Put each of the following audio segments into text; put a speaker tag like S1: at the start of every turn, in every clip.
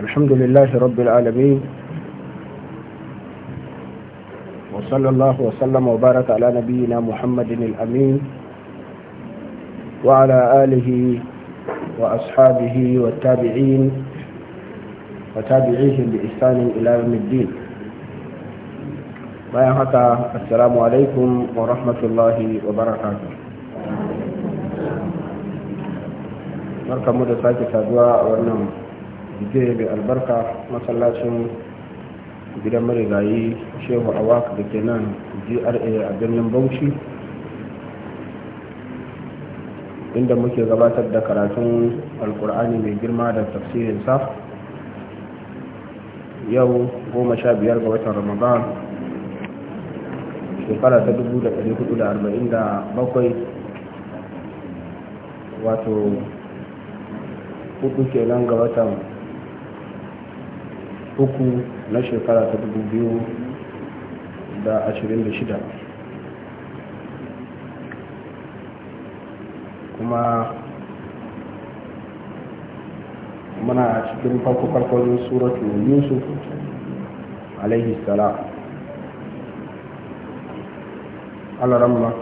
S1: الحمد لله رب العالمين وصلى الله وسلم وبارك على نبينا محمد الأمين وعلى آله وأصحابه والتابعين وتابعيهم بإحسان إلى يوم الدين ما haka السلام عليكم ورحمة الله وبركاته barakatu barkamu da sake saduwa jiya mai albarka masallacin gidan marigayi shehu awak da ke nan gra a birnin bauchi inda muke gabatar da karatun alkur'ani mai girma da tafsirinsa yau goma sha biyar ga watan ramadan shekara ta dubu da hudu da arba'in da bakwai wato hudu kenan ga watan uku na shekara ta dubu biyu da ashirin da shida kuma muna cikin farko-farkon suratu yusuf alaihi salam alaramma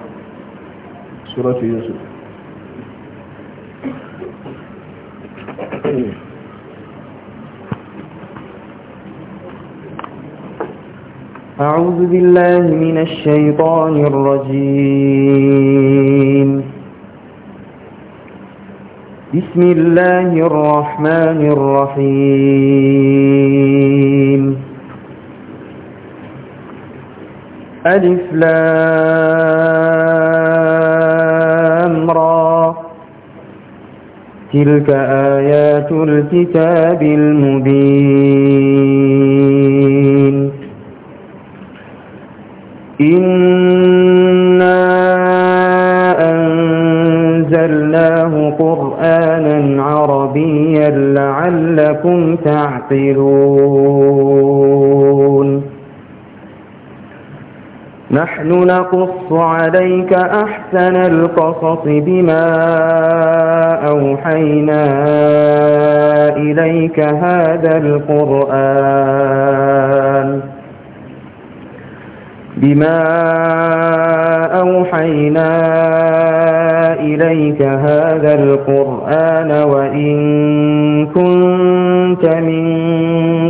S1: suratu yusuf
S2: أعوذ بالله من الشيطان الرجيم بسم الله الرحمن الرحيم ألف را تلك آيات الكتاب المبين إنا أنزلناه قرآنا عربيا لعلكم تعقلون نحن نقص عليك أحسن القصص بما أوحينا إليك هذا القرآن بما أوحينا إليك هذا القرآن وإن كنت من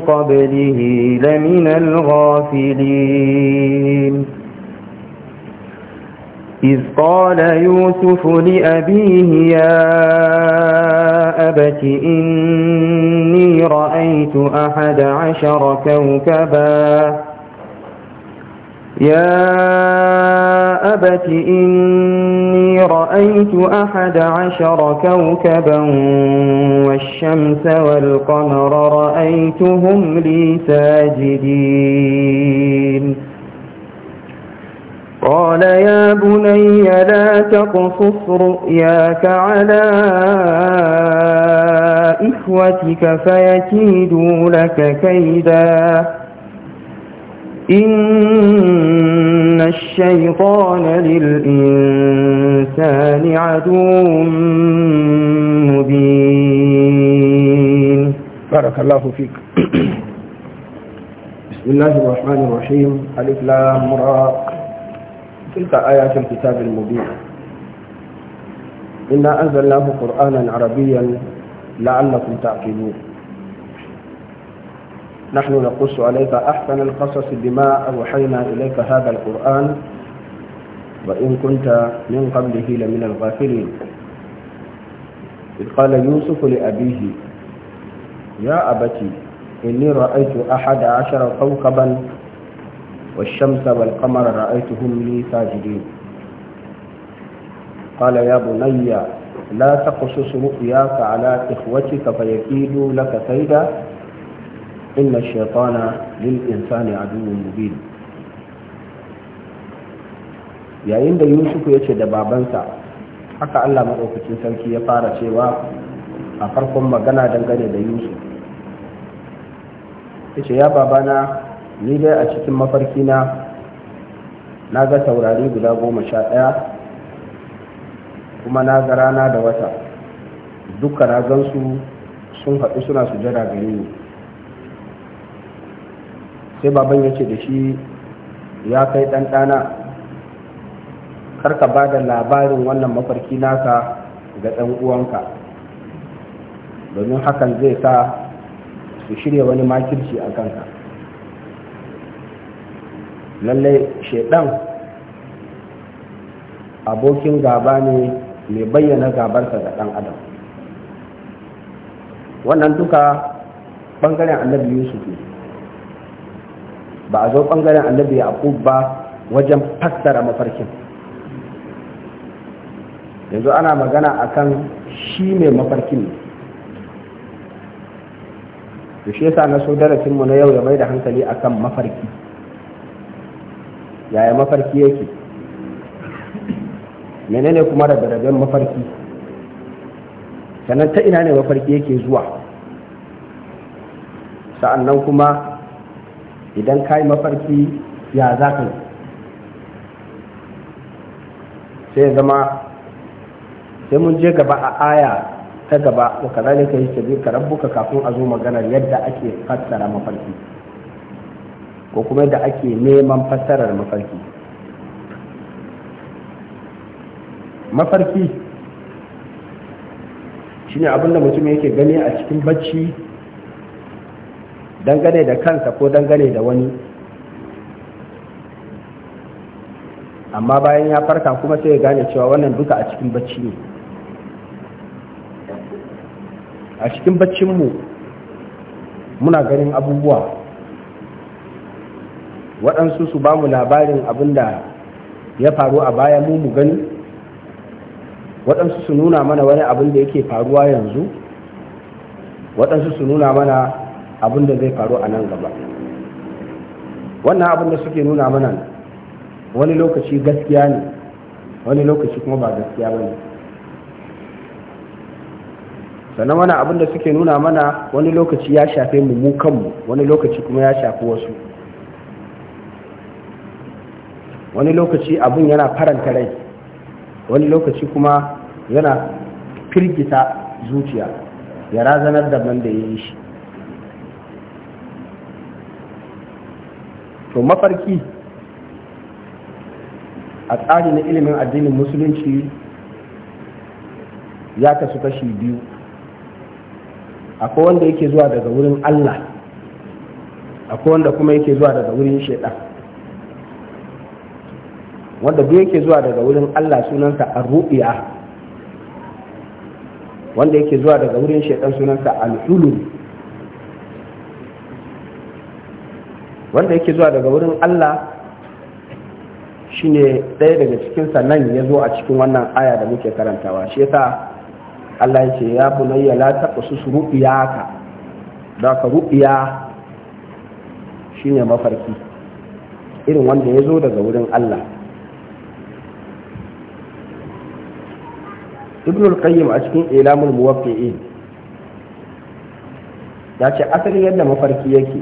S2: قبله لمن الغافلين إذ قال يوسف لأبيه يا أبت إني رأيت أحد عشر كوكباً يا أبت إني رأيت أحد عشر كوكبا والشمس والقمر رأيتهم لي ساجدين قال يا بني لا تقصص رؤياك على إخوتك فيكيدوا لك كيداً إن الشيطان للإنسان عدو مبين بارك الله فيك بسم الله الرحمن
S1: الرحيم ألف لام مراق تلك آيات الكتاب المبين إنا أنزلناه قرآنا عربيا لعلكم تعقلون نحن نقص عليك أحسن القصص بما أوحينا إليك هذا القرآن وإن كنت من قبله لمن الغافلين إذ قال يوسف لأبيه يا أبتي إني رأيت أحد عشر كوكبا والشمس والقمر رأيتهم لي ساجدين قال يا بني لا تقصص رؤياك على إخوتك فيكيدوا لك كيدا إن الشيطان للإنسان عدو مبين yayin da yusuf ya ce da babansa haka allah maɗaukacin sarki ya fara cewa a farkon magana dangane da yusuf ya ce ya babana ni dai a cikin mafarkina na ga taurari guda goma sha ɗaya kuma na ga rana da wata duka na gansu sun haɗu suna sujada gare ni sai baban ya ce da shi ya kai ɗan ɗana karka ba da labarin wannan mafarki naka ga ɗan uwanka domin hakan zai sa su shirya wani makirci a kanka lallai shaidan abokin gaba ne mai bayyana gabarsa ga ɗan adam wannan duka ɓangaren annabi yusuf ne ba a zo ɓangaren annabi yaqub ba wajen fassara mafarkin yanzu ana magana a kan shi mai mafarkin ne da shi yasa na so darasinmu na yau ya mai da hankali akan mafarki yaya mafarki yake menene kuma da darajar mafarki sannan ta ina ne mafarki yake zuwa sa'annan kuma idan ka yi mafarki ya za ka sai zama sai mun je gaba a aya ta gaba wa kazalika ka rabbuka kafin a zo maganar yadda ake fassara mafarki ko kuma yadda ake neman fassarar mafarki mafarki shine abinda mutum yake gani a cikin bacci dangane da kansa ko dangane da wani amma bayan ya farka kuma sai ya gane cewa wannan duka a cikin bacci ne a cikin baccinmu muna ganin abubuwa waɗansu su ba mu labarin abin da ya faru a baya mu mu gani waɗansu su nuna mana wani abin da yake faruwa yanzu waɗansu su nuna mana abin da zai faru a nan gaba wannan abin da suke nuna mana wani lokaci gaskiya ne wani lokaci kuma ba gaskiya ba ne sannan wani abin da suke nuna mana wani lokaci ya shafe mu mu kanmu wani lokaci kuma ya shafi wasu wani lokaci abin yana faranta rai wani lokaci kuma yana firgita zuciya ya razanar da man da ya yi shi to mafarki a tsari na ilimin addinin musulunci ya kasu kashi biyu akwai wanda yake zuwa daga wurin Allah akwai wanda kuma yake zuwa daga wurin shaidan wanda duk yake zuwa daga wurin Allah sunansa a ruya wanda yake zuwa daga wurin shaidan sunansa al wanda yake zuwa daga wurin Allah shine ɗaya daga cikin sannan ya zo a cikin wannan aya da muke karantawa shi yasa Allah ya ce ya bunayya la taqsus ka da ka shi shine mafarki irin wanda ya zo daga wurin Allah ibn al-qayyim a cikin ilamul muwaqqi'in ya ce asalin yadda mafarki yake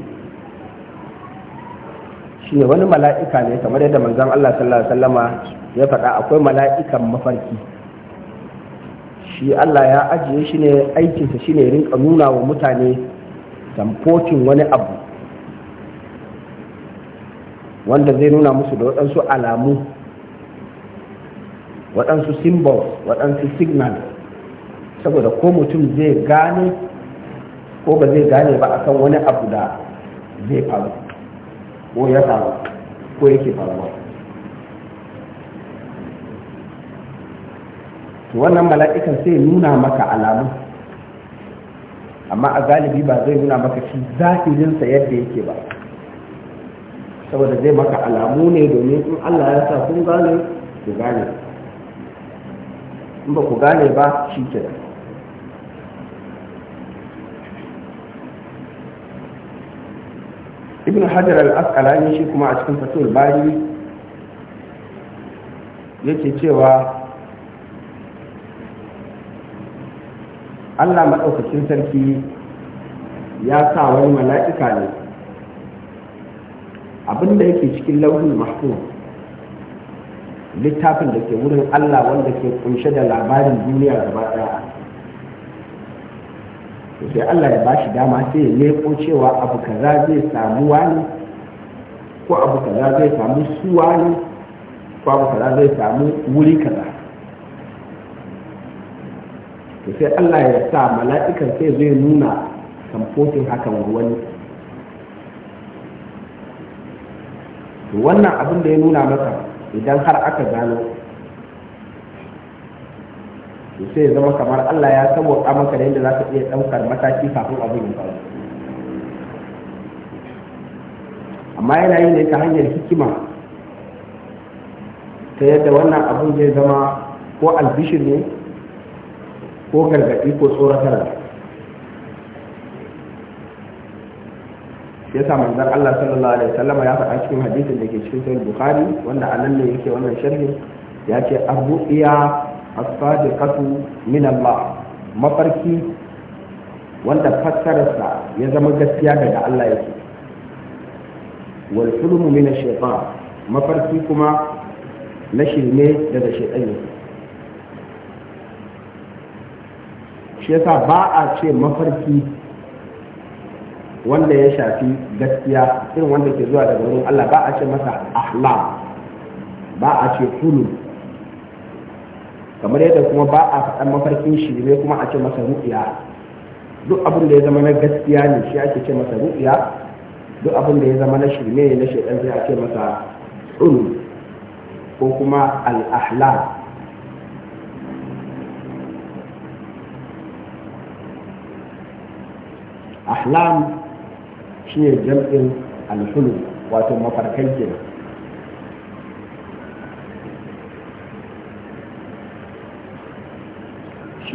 S1: shine wani mala'ika ne kamar yadda manzon Allah sallallahu alaihi wasallama ya faɗa akwai mala'ikan mafarki shi Allah ya ajiye shi ne aikinsa shine rinka nuna wa mutane tamfocin wani abu wanda zai nuna musu da waɗansu alamu waɗansu symbols waɗansu signal saboda ko mutum zai gane ko ba zai gane ba akan wani abu da zai faru ko ya faru ko yake faruwa to wannan mala'ikan sai nuna maka alamu amma a galibi ba zai nuna maka shi zahirinsa yadda yake ba saboda zai maka alamu ne domin in Allah ya sa kun gane ku gane in ba ku gane ba shi kenan ibn hajar al-asqalani shi kuma a cikin fatul bari yake cewa Allah maɗaukacin sarki ya sa wani mala'ika ne abinda yake cikin lauhin mahfuz littafin da ke wurin Allah wanda ke kunshe da labarin duniya gaba ɗaya sai Allah ya bashi dama sai ya leko cewa abu kaza zai samu wani ko abu kaza zai samu su wani ko abu kaza zai samu wuri kaza to sai Allah ya sa mala'ikan sai zai nuna kamfotin hakan wani wannan abin da ya nuna maka idan har aka gano sai zama kamar Allah ya saboda maka da yadda za ka iya ɗaukar mataki kafin abin ya faru amma yana yi ne ta hanyar hikima ta yadda wannan abin zai zama ko albishir ne ko gargaɗi ko tsoratarwa ya sa manzon Allah sallallahu alaihi wasallama ya faɗa cikin hadisin da ke cikin sahih bukhari wanda anan ne yake wannan sharhi ya ce abu iya as-sadiqatu min Allah mafarki wanda fassararsa ya zama gaskiya daga Allah yake wal hulmu min ash-shaytan mafarki kuma na shirme daga shaytan yake shi yasa ba a ce mafarki wanda ya shafi gaskiya irin wanda ke zuwa daga wurin Allah ba a ce masa ahlam ba a ce hulum kamar yadda kuma ba a faɗan mafarkin shi ne kuma a ce masa ruɗiya duk abin da ya zama na gaskiya ne shi ake ce masa ruɗiya duk abin da ya zama na shirme ne na shaidan sai ake masa ulu ko kuma al'ahla ahlam shi ne jam'in alhulu wato mafarkai kenan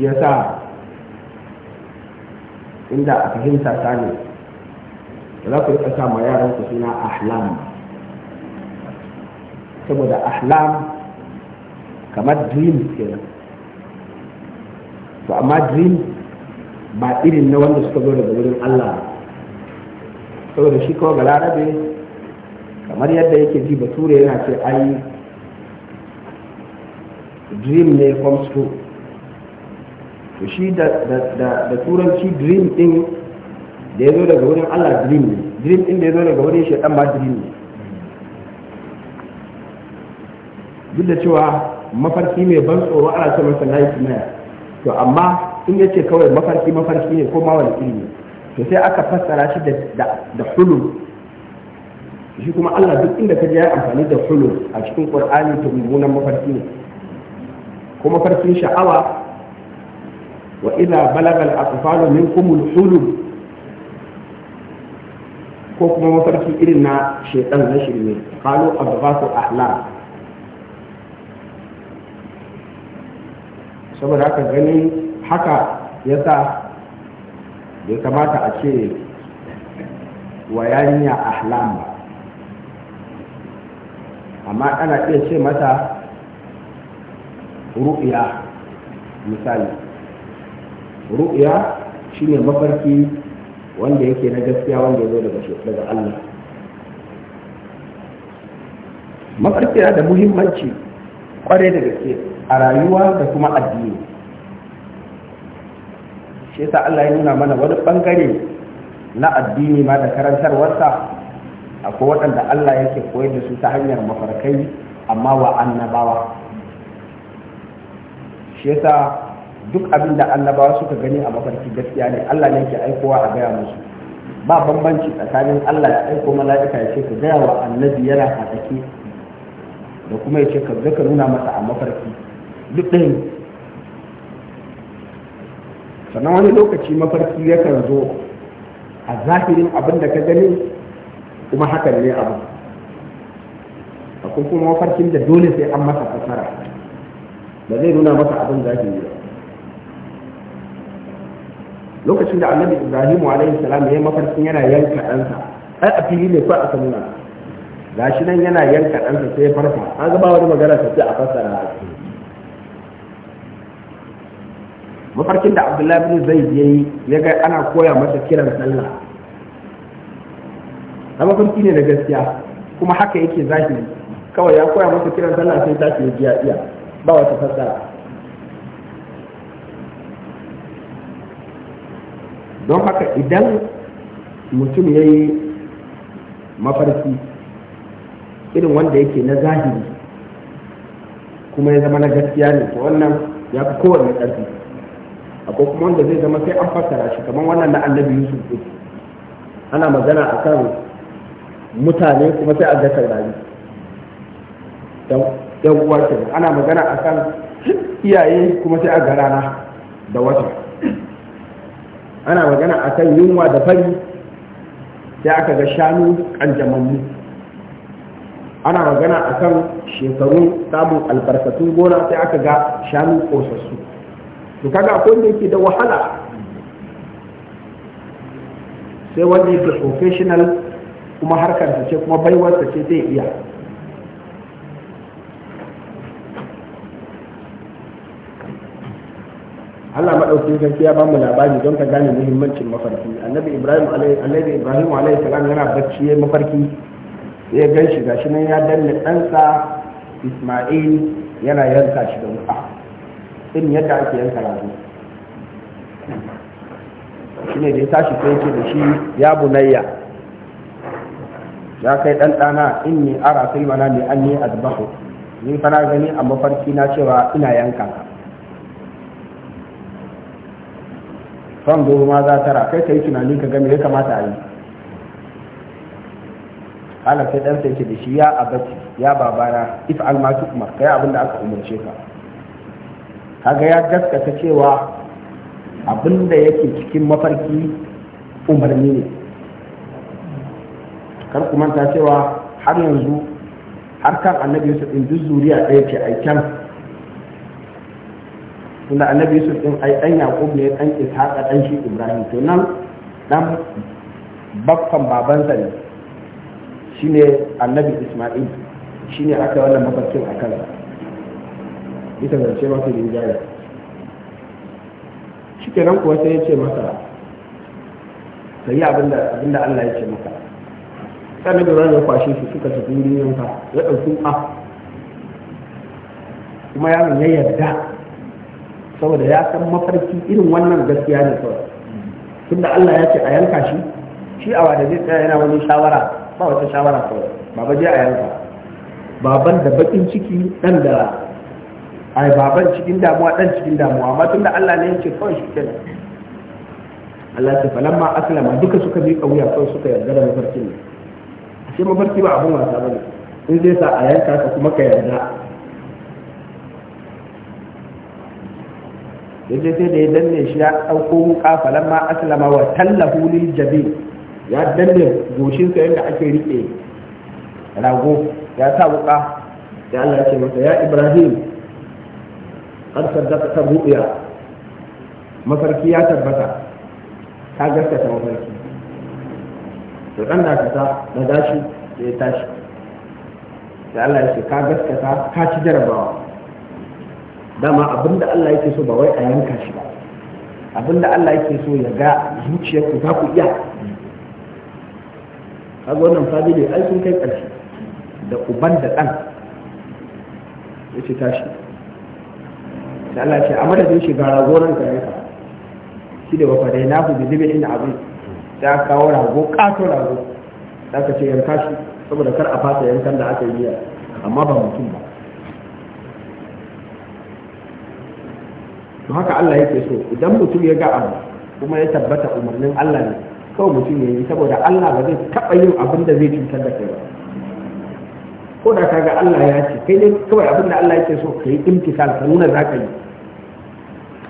S1: shi yasa inda a fahimta ta ne za ku rika sa ma yaran ku suna ahlam saboda ahlam kamar dream kenan to amma dream ba irin na wanda suka zo daga wurin Allah saboda shi kawai ga larabe kamar yadda yake ji bature yana ce ai dream ne comes true to shi da turanci dream din da ya zo daga wurin Allah dream ne dream din da ya zo daga wurin shaitan ma dream ne duk da cewa mafarki mai ban tsoro ana ce masa na nightmare to amma in ya ce kawai mafarki mafarki ne ko ma wani iri ne to sai aka fassara shi da hulu shi kuma Allah duk inda ka je ya amfani da hulu a cikin ƙwar'ani to mummunan mafarki ne ko mafarkin sha'awa wa idza balagha al-atfalu minkum al-hulum ko kuma mafarki irin na shedan na shirme qalu adghasu ahlam saboda haka gani haka yasa bai kamata a ce wa yarinya ahlam ba amma ana iya ce mata ru'ya misali ru'ya shine mafarki wanda yake na gaskiya wanda ya zo daga Allah mafarki yana da muhimmanci kwarai da gaske a rayuwa da kuma addini shi yasa Allah ya nuna mana wani bangare na addini ma da karantarwarsa akwai waɗanda Allah yake koyar da su ta hanyar mafarkai amma wa annabawa shi yasa duk abin da annabawa suka gani a mafarki gaskiya ne Allah ne ke aikowa a gaya musu ba bambanci tsakanin Allah ya aiko mala'ika ya ce ka gaya wa annabi yana hadake da kuma ya ce ka ga ka nuna masa a mafarki duk ɗaya sannan wani lokaci mafarki yakan zo a zahirin abin da ka gani kuma hakan ne abu akwai kuma mafarkin da dole sai an masa fasara ba zai nuna masa abin zahiri ba lokacin da annabi ibrahim alayhi salam ya mafarkin yana yanka ɗansa ai a fili ne fa a sanuna gashi nan yana yanka ɗansa sai ya farfa an ga ba wani magana ta ce a fassara mafarkin da abdullahi bin zaid yayi ya ga ana koya masa kiran sallah a mafarki ne da gaskiya kuma haka yake zahiri kawai ya koya masa kiran sallah sai tashi ya ji iya ba wata fassara don haka idan mutum ya yi mafarki irin wanda yake na zahiri kuma ya zama na gaskiya ne to wannan ya fi kowanne ƙarfi akwai kuma wanda zai zama sai an fassara shi kamar wannan na annabi yusuf ɗin ana magana a kan mutane kuma sai a ga taurari yan uwa ana magana a kan iyaye kuma sai a ga rana da wata ana magana a kan yunwa da fari sai aka ga shanu kanjamanmu ana magana a kan shekarun samun albarkatun gona sai aka ga shanu kosassu to kaga akwai da yake da wahala sai wanda yake professional kuma harkar ce kuma baiwarsa ce zai iya Allah madaukin sarki ya bamu labari don ka gane muhimmancin mafarki annabi ibrahim alaihi ibrahim alaihi salam yana bacci yayin mafarki ya gan shi gashi nan ya danne ɗansa isma'il yana yanka shi da wuka in yadda ake yanka rago shi ne da ya tashi sai yake da shi ya bunayya ya kai dan dana in ni ara filmana ne an yi azbahu ni fara gani a mafarki na cewa ina yanka fanzuru ma za tara kai ka yi tunanin ka game ya kamata a yi ala sai ɗansa yake da shi ya abati ya babana if tu umar kai abin aka umarce ka kaga ya gaskata cewa abinda da yake cikin mafarki umarni ne kar ku manta cewa har yanzu har kan annabi yusuf din duk zuriya ɗaya ce aikan tunda annabi yusuf din ai dan yaqub ne dan ishaqa dan shi ibrahim to nan dan baban babansa ne shine annabi isma'il shine aka wannan mafarkin a kansa ita da ce shi ke nan kuwa sai ya ce masa ka yi abinda Allah ya ce maka sannan da ya kwashe su suka tafi wurin yanka ya ɗauki a kuma yaron ya yarda saboda ya san mafarki irin wannan gaskiya ne kawai tunda Allah ya ce a yanka shi shi a da zai tsaya yana wani shawara ba wata shawara kawai baba je a yanka baban da bakin ciki dan da ai baban cikin damuwa dan cikin damuwa amma tunda Allah ne ya ce kawai shi kenan Allah ce falamma aslama duka suka bi kauya kawai suka yarda da mafarkin ne ashe mafarki ba abun wasa bane in zai sa a yanka ka kuma ka yarda yace sai da ya danne shi ya dauko wuka falamma aslama wa tallahu lil jabi ya danne goshin sa yanda ake rike rago ya sa wuka ya Allah ce masa ya Ibrahim saddaka ta ru'ya mafarki ya tabbata ka gaskata mafarki to dan da ta da dashi da ya tashi sai Allah ya ce ka gaskata ka ci jarabawa dama abinda Allah yake so ba wai a yanka shi ba abinda Allah yake so ya ga zuciyarku za ku iya kaga wannan ne ai sun kai ƙarshe da uban da ɗan ya ce tashi da Allah ce a madadin shi ga ragoran ka yanka shi da wafa dai na ku bi dibe inda abin ta kawo rago ƙato rago za ka ce yanka shi saboda kar a fasa yankan da aka yi amma ba mutum ba to haka Allah yake so idan mutum ya ga abu kuma ya tabbata umarnin Allah ne kawai mutum ya yi saboda Allah ba zai taɓa yin abin da zai cutar da kai ba ko da ka ga Allah ya ce kai ne kawai abin da Allah yake so ka yi imtisal ka nuna za ka yi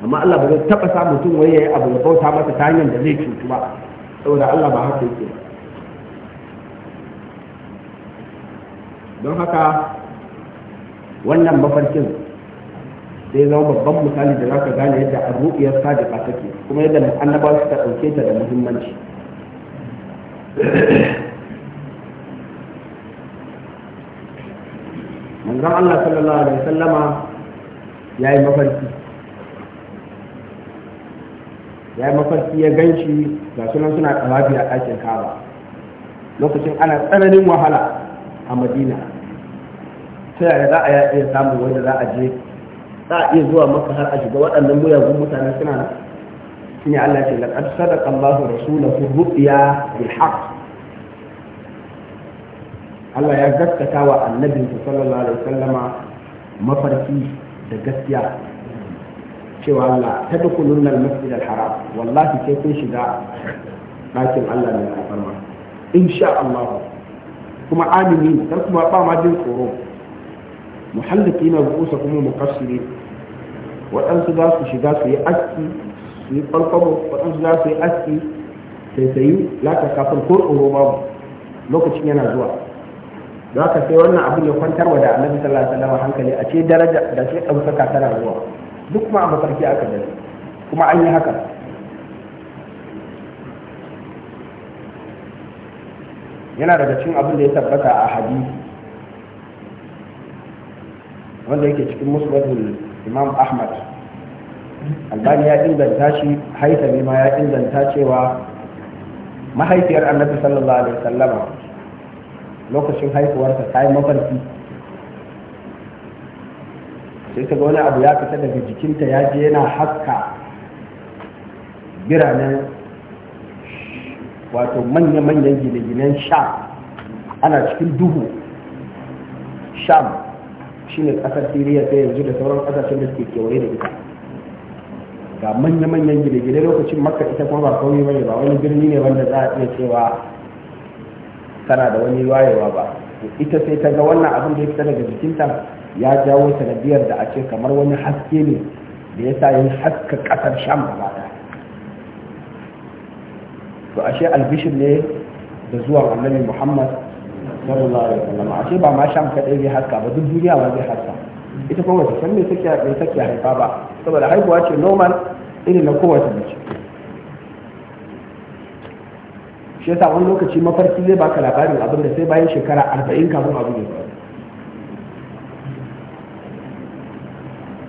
S1: amma Allah ba zai taɓa sa mutum wai ya yi abu ya bauta masa ta hanyar da zai cutu ba saboda Allah ba haka yake ba don haka wannan mafarkin sai zama babban misali da za ka gane yadda arruƙiyar sadiqa take kuma yadda annabawa suka ɗauke ta da muhimmanci manzon Allah sallallahu alaihi wasallama ya yi mafarki ya yi mafarki ya ganci ga sunan suna tsawafi a ɗakin kawa lokacin ana tsananin wahala a madina ta yaya za a iya samun wanda za a je za a iya zuwa maka har a shiga waɗannan muyagun mutane suna nan shine Allah ce laqad sadaqa Allahu rasulahu ru'ya bil haqq Allah ya gaskata wa annabin sallallahu alaihi wasallama mafarki da gaskiya cewa Allah ta dukulun nan masjid al-haram wallahi sai kun shiga ɗakin Allah mai alfarma insha Allah kuma amini kar kuma ba ma jin tsoro Muhallikina na rukusa kuma mukassiri waɗansu za su shiga su yi aski su yi kwalkwabo waɗansu za su yi aski sai yi laka kafin ko tsoro babu lokacin yana zuwa za ka sai wannan abin ya kwantar wa da annabi sallallahu alaihi wasallam hankali a ce daraja da sai ɗaukaka tana zuwa duk kuma a mafarki aka gani kuma an yi haka yana daga cikin abin da ya tabbata a hadisi wanda yake cikin musulmi imam ahmad albani ya inganta shi haitami ma ya inganta cewa mahaifiyar annabi sallallahu alaihi wasallama lokacin haihuwarsa ta yi mafarki sai ta wani abu ya fita daga jikinta ya je yana haska biranen wato manya-manyan gine-ginen sha ana cikin duhu sham shine kasar siriya ta yanzu da sauran kasashen da suke kewaye da ita ga manya-manyan gida-gida lokacin makka ita kuma ba kauye bane ba wani birni ne wanda za a iya cewa tana da wani wayewa ba ita sai ta ga wannan abin da ya fita daga jikinta ya jawo sanadiyar da a ce kamar wani haske ne da ya sa yin haska kasar sham ba ɗaya to ashe albishir ne da zuwan annabi muhammad sallallahu alaihi wasallam ashe ba ma sham kadai zai haska ba duk duniya ba zai haska ita kuma wata san me take me take haifa ba saboda haihuwa ce normal irin na kowace mace shi yasa wani lokaci mafarki zai baka labarin abin da sai bayan shekara arba'in kafin abu ne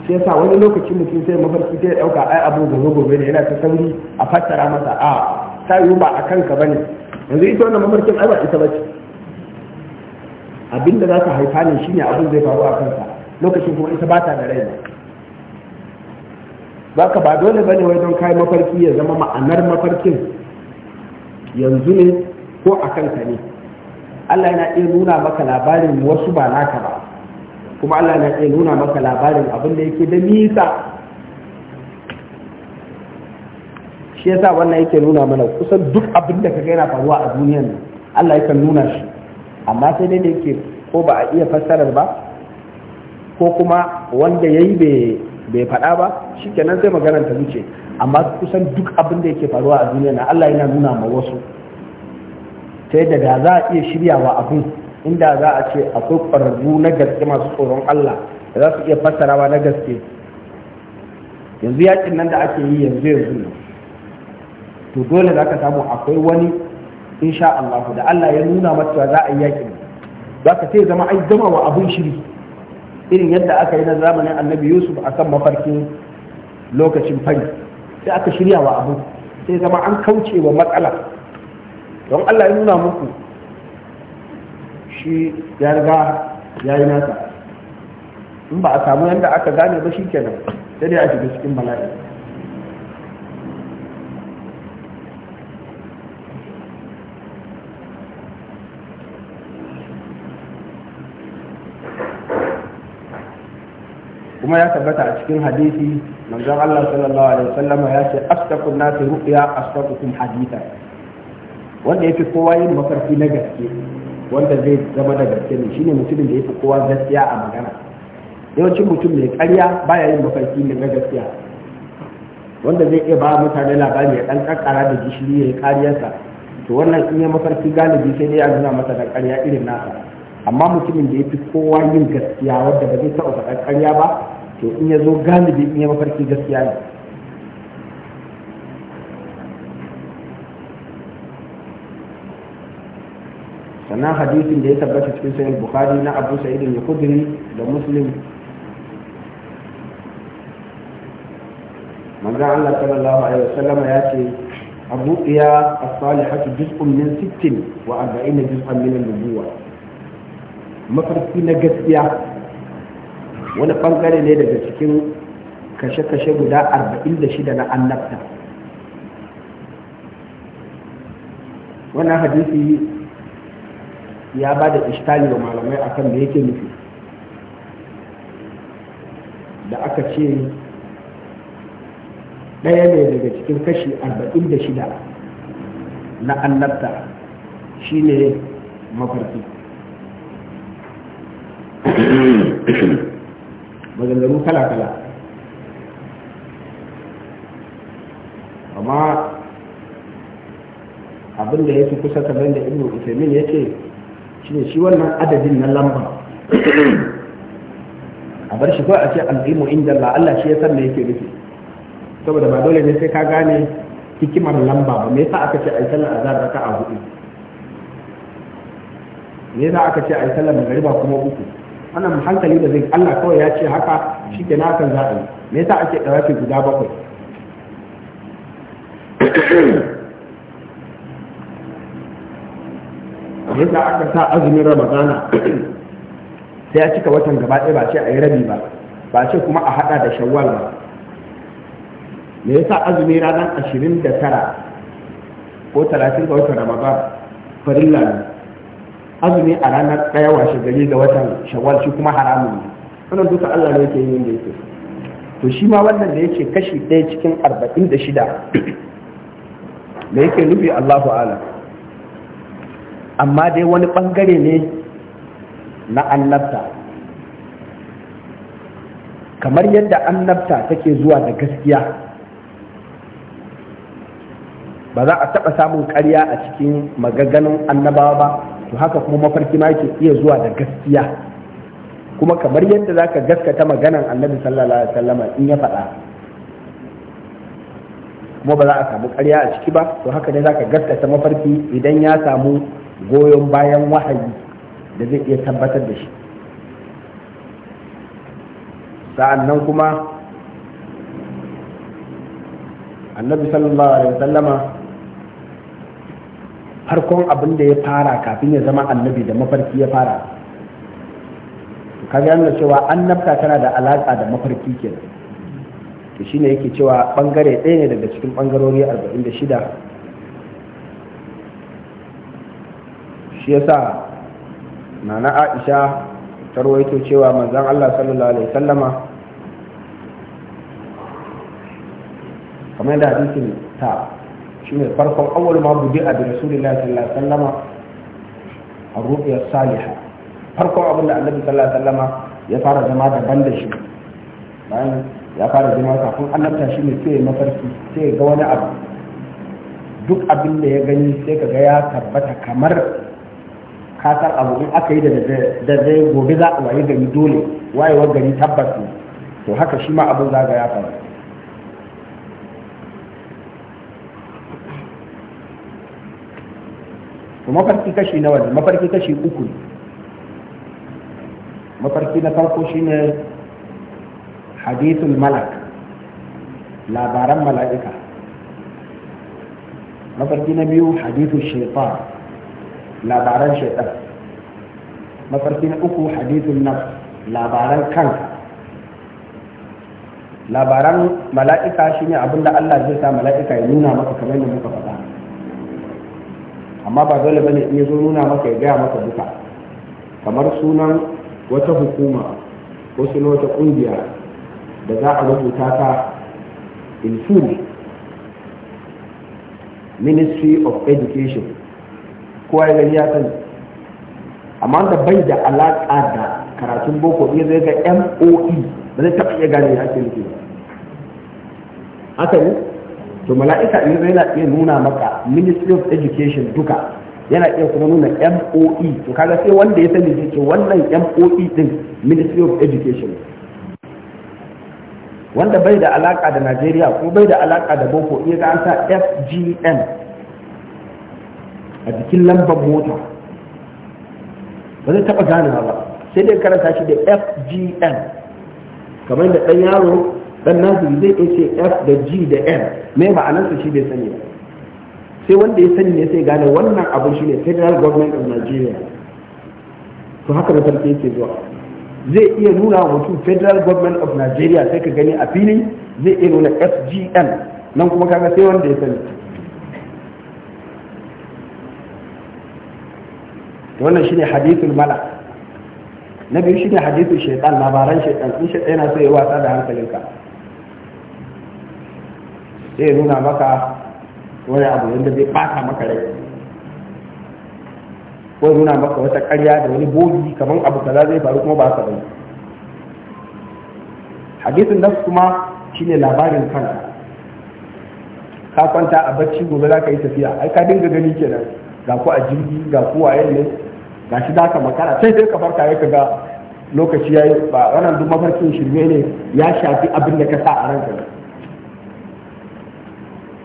S1: shi yasa wani lokaci mutum sai mafarki zai ya dauka ai abu gobe gobe ne yana ta sauri a fassara masa a ta yiwu ba a kanka bane yanzu ita wannan mafarkin ai ba ita bace abin da za su haifa ne shine abin zai faru a kansa lokacin kuma ita ba ta da rai ba ka ba dole bane wai don kai mafarki ya zama ma'anar mafarkin yanzu ne ko a kanka ne Allah yana iya nuna maka labarin wasu ba naka ba kuma Allah yana iya nuna maka labarin abin da yake da nisa shi yasa wannan yake nuna mana kusan duk abin da ka yana faruwa a duniyar nan Allah yakan nuna shi amma sai dai da yake ko ba a iya fassarar ba ko kuma wanda ya yi bai faɗa ba shi kenan zai maganar ta wuce amma kusan duk abin da yake faruwa a duniya na Allah yana nuna ma wasu ta yadda da za a iya shiryawa abin inda za a ce akwai ƙwararru na gaske masu tsoron Allah da za su iya fassarawa na gaske yanzu yakin nan da ake yi yanzu yanzu to dole za ka samu akwai wani insha Allah da Allah ya nuna mata za a yi yakin za ka sai zama ai gama wa abun shiri irin yadda aka yi na zamanin annabi Yusuf akan mafarkin lokacin fari sai aka shirya wa abu sai zama an kauce wa matsala don Allah ya nuna muku shi ya riga ya yi nasa in ba a samu yadda aka gane ba shi kenan sai dai a shiga cikin bala'i kuma ya tabbata a cikin hadisi manzon Allah sallallahu alaihi wasallam ya ce astaqun nasi ru'ya astaqukum haditha wanda yake kowa yin mafarki na gaske wanda zai zama da gaske ne shine mutumin da yake kowa gaskiya a magana yawancin mutum mai karya baya yin mafarki ne na gaskiya wanda zai iya ba mutane labari ya dan kakkara da gishiri ya yi kariyarsa to wannan in ya mafarki galibi sai dai a nuna masa da ƙarya irin nasa amma mutumin da ya fi kowa yin gaskiya wadda ba zai taɓa faɗar ƙarya ba to in ya zo galibi in ya mafarki gaskiya ne sannan hadisin da ya tabbata cikin sayin bukhari na abu sa'id al-khudri da muslim manzon Allah sallallahu alaihi wasallam ya ce abu iya as-salihatu juz'un min 60 wa 40 juz'an min an-nubuwa mafarki na gaskiya wani bangare ne daga cikin kashe-kashe guda 46 na annabta wannan hadisi ya ba da ishtali wa malamai akan da yake nufi da aka ce ɗaya ne daga cikin kashi 46 na annabta shine mafarki maganganu kala-kala amma abin da ya fi kusa kamar da ibn usaimin ya ce shi ne shi wannan adadin na lamba a bar shi ko a ce al'imu inda Allah Allah shi ya san me yake nufi saboda ba dole ne sai ka gane hikimar lamba ba me yasa aka ce ai sallar azhar raka'a hudu me yasa aka ce ai sallar magriba kuma uku wannan hankali da zai Allah kawai ya ce haka shi ke nakan zaɓi me yasa ake ɗawafi guda bakwai yadda aka sa azumin ramadana sai ya cika watan gaba ɗaya ba ce a yi rabi ba ba ce kuma a haɗa da shawwal ba me yasa azumin ranar ashirin da tara ko talatin ga watan ramadana farilla ne azumi a ranar ɗaya washe gari ga watan Shawar shi kuma haramun ne wannan duka Allah ne yake yin da yake to shi ma wannan da yake kashi ɗaya cikin arba'in da shida da yake nufi Allahu ala amma dai wani ɓangare ne na annabta kamar yadda annabta take zuwa da gaskiya ba za a taɓa samun ƙarya a cikin magaganin annabawa ba to haka kuma mafarki ma yake iya zuwa da gaskiya kuma kamar yadda zaka gaskata maganan annabi sallallahu alaihi wasallam in ya faɗa kuma ba za a samu ƙarya a ciki ba to haka ne zaka gaskata mafarki idan ya samu goyon bayan wahayi da zai iya tabbatar da shi sa'annan kuma annabi sallallahu alaihi wasallama farkon abin da ya fara kafin ya zama annabi da mafarki ya fara kaga yana cewa annabta tana da alaƙa da mafarki kenan to shine yake cewa bangare ɗaya ne daga cikin bangarori 46 shi yasa nana Aisha ta rawaito cewa manzon Allah sallallahu alaihi wasallama kamar da hadisin ta shine farkon awwal ma budi a bi rasulullahi sallallahu alaihi wasallama ar-ru'ya salihah farkon abin da annabi sallallahu alaihi wasallama ya fara zama daban da shi bayan ya fara zama kafin annabta shi ne sai mafarki sai ga wani abu duk abin da ya gani sai ka ya tabbata kamar kasar abu in aka yi da zai gobe za a waye gari dole wayewar gari tabbas to haka shi ma abin zaga ya faru mafarki kashi na wani mafarki kashi uku ne mafarki na farko shine hadithul malak labaran mala'ika mafarki na biyu hadithul shaitan labaran shaitan mafarki na uku hadithul nafs labaran kanka labaran mala'ika shine abinda Allah zai sa mala'ika ya nuna maka kamar yadda muka faɗa amma ba dole bane in ya zo nuna maka ya gaya maka duka kamar sunan wata hukuma ko sunan wata kungiya da za a rubuta ta in full ministry of education kowa ya gani ya sani amma da bai da alaƙa da karatun boko ɗin zai ga moe ba zai taɓa iya gane ya ake nufi ba haka ne to mala'ika zai yana iya nuna maka ministry of education duka yana iya kuma nuna MOE to kaga sai wanda ya sani zai ce wannan MOE din ministry of education wanda bai da alaka da Najeriya ko bai da alaka da Boko iya ga an sa FGM a jikin lambar mota ba zai taba ganewa ba sai dai karanta shi da FGM kamar da ɗan yaro dan nasu zai iya ce F da G da M me ma'anarsa shi bai sani ba sai wanda ya sani ne sai gane wannan abin shi ne federal government of nigeria to haka mafarki yake zuwa zai iya nuna wa mutum federal government of nigeria sai ka gani a fili zai iya nuna fgn nan kuma kaga sai wanda ya sani wannan shine hadithul mala na biyu shine hadithul shaitan labaran shaitan in shaitan yana so ya wasa da hankalinka sai ya nuna maka wani abu wanda zai ɓata maka rai ko ya nuna maka wata karya da wani bogi kamar abu kaza zai faru kuma ba ka bane hadisin nan kuma shine labarin kanka ka kwanta a bacci gobe za ka yi tafiya ai ka dinga gani kenan ga ku a jirgi ga ku a ne ga shi za ka makara sai sai ka farka ya ga lokaci ya yi ba wannan duk mafarkin shirme ne ya shafi abin da ka sa a ranka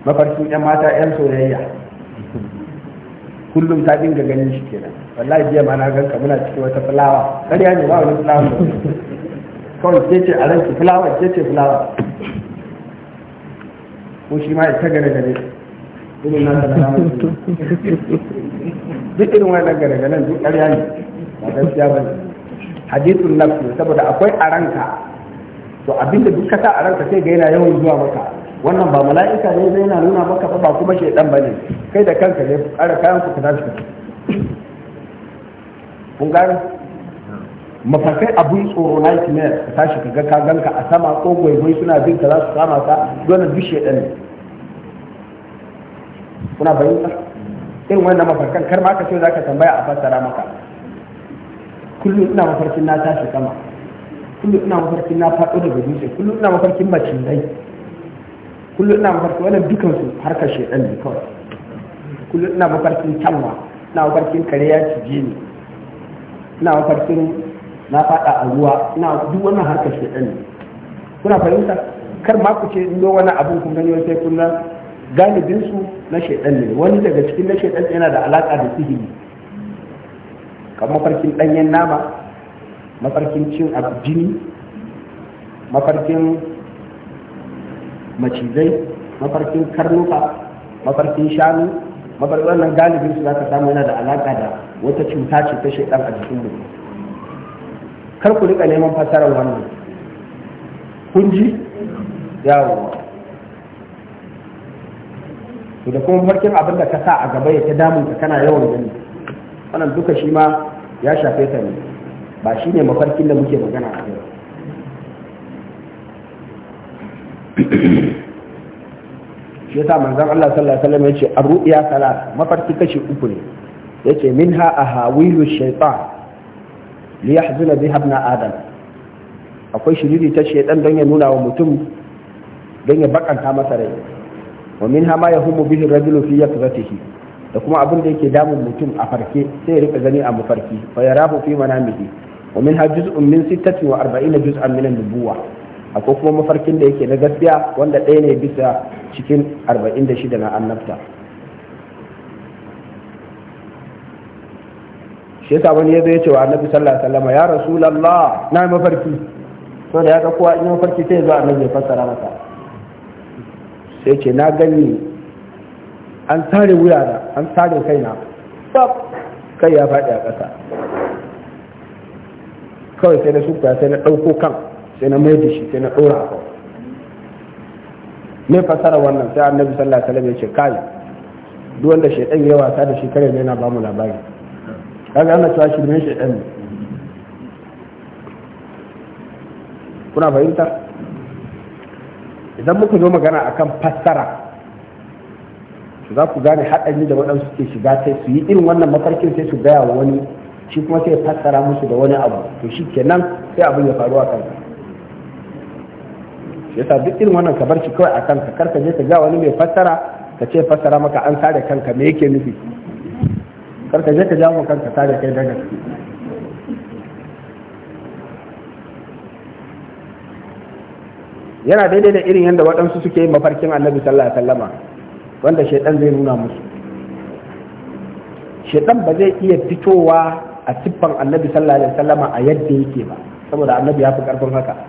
S1: mafarkin yan mata yan soyayya kullum ta dinga ganin shi kenan wallahi jiya ma na ka muna cikin wata fulawa ya ne ba wani fulawa kawai ke ce a ranki fulawa ke ce fulawa ko shi ma ita gane gane irin nan da na duk irin wannan gane gane duk ya ne ba gaskiya ba ne hadithun nafsi saboda akwai a ranka to abinda duk ka sa a ranka sai ga yana yawan zuwa maka wannan ba mala'ika ne zai na nuna maka ba kuma dan bane kai da kanka ne ku ƙara kayan ku ka shi kun gane mafarkai abun tsoro nightmare ka tashi ka ga ka ganka a sama ko gwaigwai suna bin ka za su kama ka wannan duk shaidan ne kuna bayyana irin wannan mafarkan kar ma ka ce za ka tambaya a fassara maka kullum ina mafarkin na tashi sama kullum ina mafarkin na faɗo daga dutse kullum ina mafarkin macin dai kullum ina mafarki wannan dukansu harkar shaidan ne kawai kullum ina mafarkin canwa ina mafarkin kare ya cije ni ina mafarkin na fada a ruwa ina duk wannan harkar shaidan ne kuna fahimta kar ma ku ce in do wani abin kun gani sai kun galibin su na shaidan ne wani daga cikin na shaidan yana da alaka da sihiri kamar mafarkin danyen nama mafarkin cin abu jini mafarkin macizai mafarkin karnuka mafarkin shanu mafarkin wannan galibin su ka samu yana da alaka da wata cuta ce ta shaidan a jikin mu kar ku rika neman fasarar wannan kun ji yawo to da kuma mafarkin abin da ka sa a gaba ya ta damun ka kana yawan gani wannan duka shi ma ya shafe ka ne ba shi ne mafarkin da muke magana a yau shi yasa manzon Allah sallallahu alaihi wasallam yace ar-ru'ya salat mafarki kashi uku ne yace minha ahawilu shaytan li yahzuna biha ibn adam akwai shiriri ta shaytan don ya nuna wa mutum don ya bakanta masa rai wa minha ma yahumu bihi ar-rajulu fi yaqzatihi da kuma abin da yake damun mutum a farke sai ya rika gani a mafarki fa yarahu fi manamihi wa minha juz'un min 46 juz'an min an-nubuwah akwai kuma mafarkin da yake na gaskiya wanda ɗaya ne bisa cikin 46 na annabta shi yasa wani ya zai cewa annabi sallallahu alaihi wasallam ya rasulullah na mafarki to da ya ga kowa in mafarki sai zuwa annabi ya fassara masa sai ce na gani an sare wuyana an sare kaina bab kai ya faɗi a ƙasa kawai sai na sukuya sai na ɗauko kan sai na maida shi sai na ɗora a kawo mai fasara wannan sai annabi sallallahu alaihi wasallam ya ce kai duk wanda shaytan ya wasa da shi kare yana ba mu labari kaga ana cewa shi ne shaytan ne kuna fahimta idan muka zo magana akan fassara za ku gane haɗari da waɗansu suke shiga sai su yi irin wannan mafarkin sai su gaya wa wani shi kuma sai fassara musu da wani abu to shi kenan sai abin ya faru a kanka yasa duk irin wannan ka bar shi kawai a kanka kar ka je ka ga wani mai fassara ka ce fassara maka an sare kanka me yake nufi kar ka je ka mu kanka sare kai daga yana daidai da irin yadda waɗansu suke yin mafarkin annabi sallallahu alaihi wasallama wanda shaidan zai nuna musu shaidan ba zai iya fitowa a siffan annabi sallallahu alaihi wasallama a yadda yake ba saboda annabi ya fi karfin haka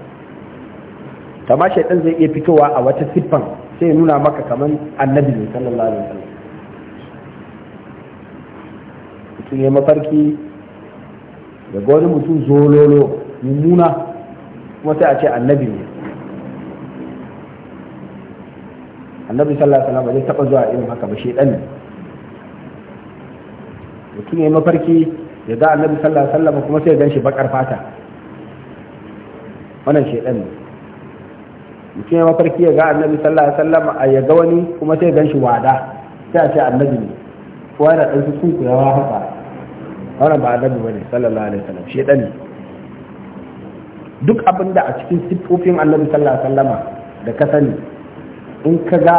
S1: kama shaitan zai iya fitowa a wata siffan sai nuna maka kaman annabi ne sallallahu alaihi wasallam mutum ya mafarki daga wani mutum zololo mummuna kuma sai a ce annabi ne annabi sallallahu alaihi wasallam ba zai taba zuwa irin haka ba shaitan ne mutum ya mafarki ya ga annabi sallallahu alaihi wasallam kuma sai ya gan shi bakar fata wannan shaitan ne mutum ya mafarki ya ga annabi sallallahu alaihi wasallam a ya ga wani kuma sai gan shi wada sai a ce annabi ne ko yana ɗan su ku yawa haka wannan ba annabi bane sallallahu alaihi wasallam shi dan ne duk abin da a cikin sifofin annabi sallallahu alaihi wasallama da ka sani in ka ga